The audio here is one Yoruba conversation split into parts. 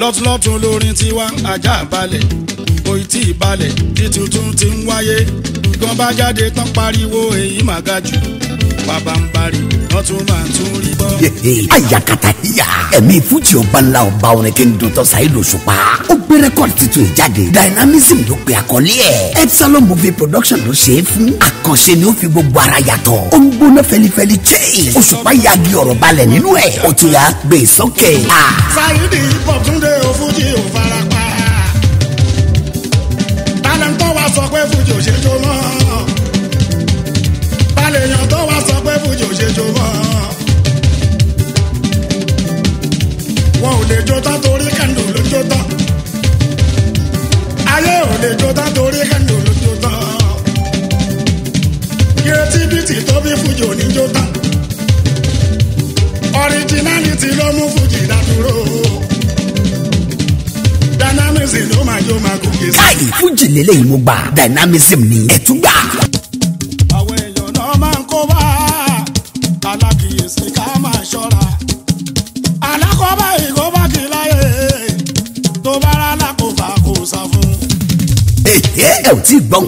lọ́túnlọ́tún lórin tiwa ajá balẹ̀ oyin tí ìbalẹ̀ títí tún ti ń wáyé gan bá jáde tán pariwo èyí màgá pabambari lọ́tún máa tún rí bọ́. àyàkàtà yíyà ẹ̀mí fújì ọba ńlá ọba orin kí n dun tọ́sà ìlú òṣùpá ó gbé rẹ́kọ̀dì tuntun ìjáde dynamism ló pe àkọlé ẹ̀ epsilon movie production ló ṣe é fún àkànṣe ni ó fi gbogbo ara yàtọ̀ ó ń gbóná fẹlifẹli jẹ́ òṣùpá yagi ọ̀rọ̀ balẹ̀ nínú ẹ̀ ó tún yà gbé sókè. sáyidì ah. bọ̀túndé òfújì òfara. Originality tó bí fújì oníjó tán. ló mú fújì dádúró. Dynamism ló máa jó máa gòkè sí. Káyì fújì lélẹ́yìn mo gbà dynamism ni ẹ̀ tún gbà. Àwọn èèyàn náà máa ń kó bá alákìyèsí ká máa ṣọ́ra. Alákọ̀ọ́bá ìgò. ẹ ẹ ò tí ì gbọ́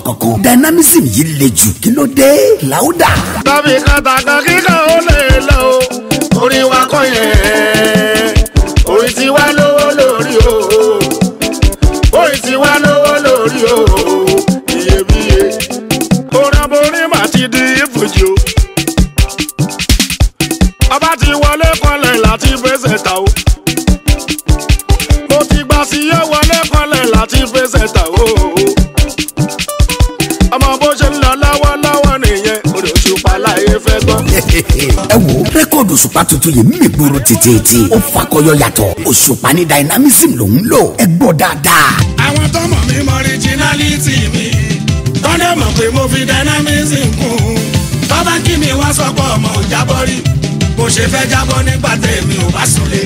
dynamism yìí le jù kí ló dé láwùdà. tàbí kàtàkà kíkà ó lè lọ orí wa kọ́ yẹn. ẹ wo rẹ́kọ̀dù òṣùpá tuntun yìí mì gbòòrò títí ó fakọyọ yàtọ̀ òṣùpá ní dynamism ló ń lò ẹ gbọ́ dáadáa. àwọn tó mọ̀ mí mọ originality mi tọ́lẹ̀ mọ̀ pé mo fi dynamism kún un tọ́ba kí mi wá sọ́pọ̀ ọmọ ò jábọ́ rí bó ṣe fẹ́ jábọ́ nígbà tẹ̀mí ò bá súnlé.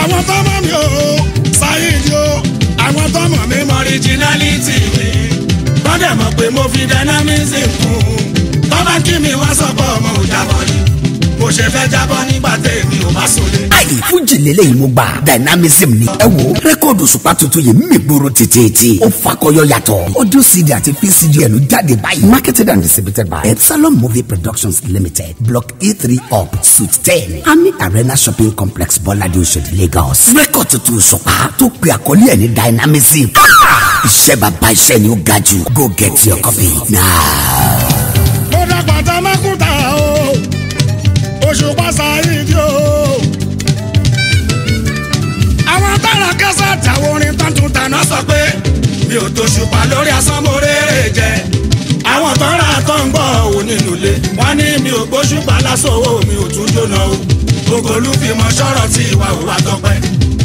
àwọn tó mọ̀ mí o sáyéèdì o àwọn tó mọ̀ mí mọ originality mi tọ́lẹ̀ mọ̀ pé mo fi dynamism kún ń kí mi wá sọ́kọ́ ọmọ òjàbọ̀ ni mo ṣe fẹ́ jábọ́ nígbà tẹ̀mí ò bá sọlé. ayi fújì lélẹ́yìn mo gbà dynamism ni ẹ wo rẹ́kọ̀dù ṣùpá tuntun yìí mi gbòòrò tètè ó fakọyọ yàtọ̀ audio cd àti pcd ẹ̀ ló jáde báyìí marketed and distributed by epsilon movie productions limited block e three up suite ten ami arena shopping complex bọ́ládé oṣòdì lagos rẹ́kọ̀ tuntun ṣùpá tó pe àkọlé ẹ̀ ní dynamism ah! iṣẹ́ bàbá iṣẹ́ ni ó ga jù go get your copy now. àjàwọ́ orin tó ń tún tàná sọ pé mi ò tó ṣùpá lórí asánmórèrè jẹ àwọn tó ń ra tó ń gbọ́ òun nínú ilé wọ́n ní mi ò gbóṣùpá lásòwò mi ò tún jóná o ògòlù fìmọ̀ sọ̀rọ̀ tí ìwà òwà tọpẹ́.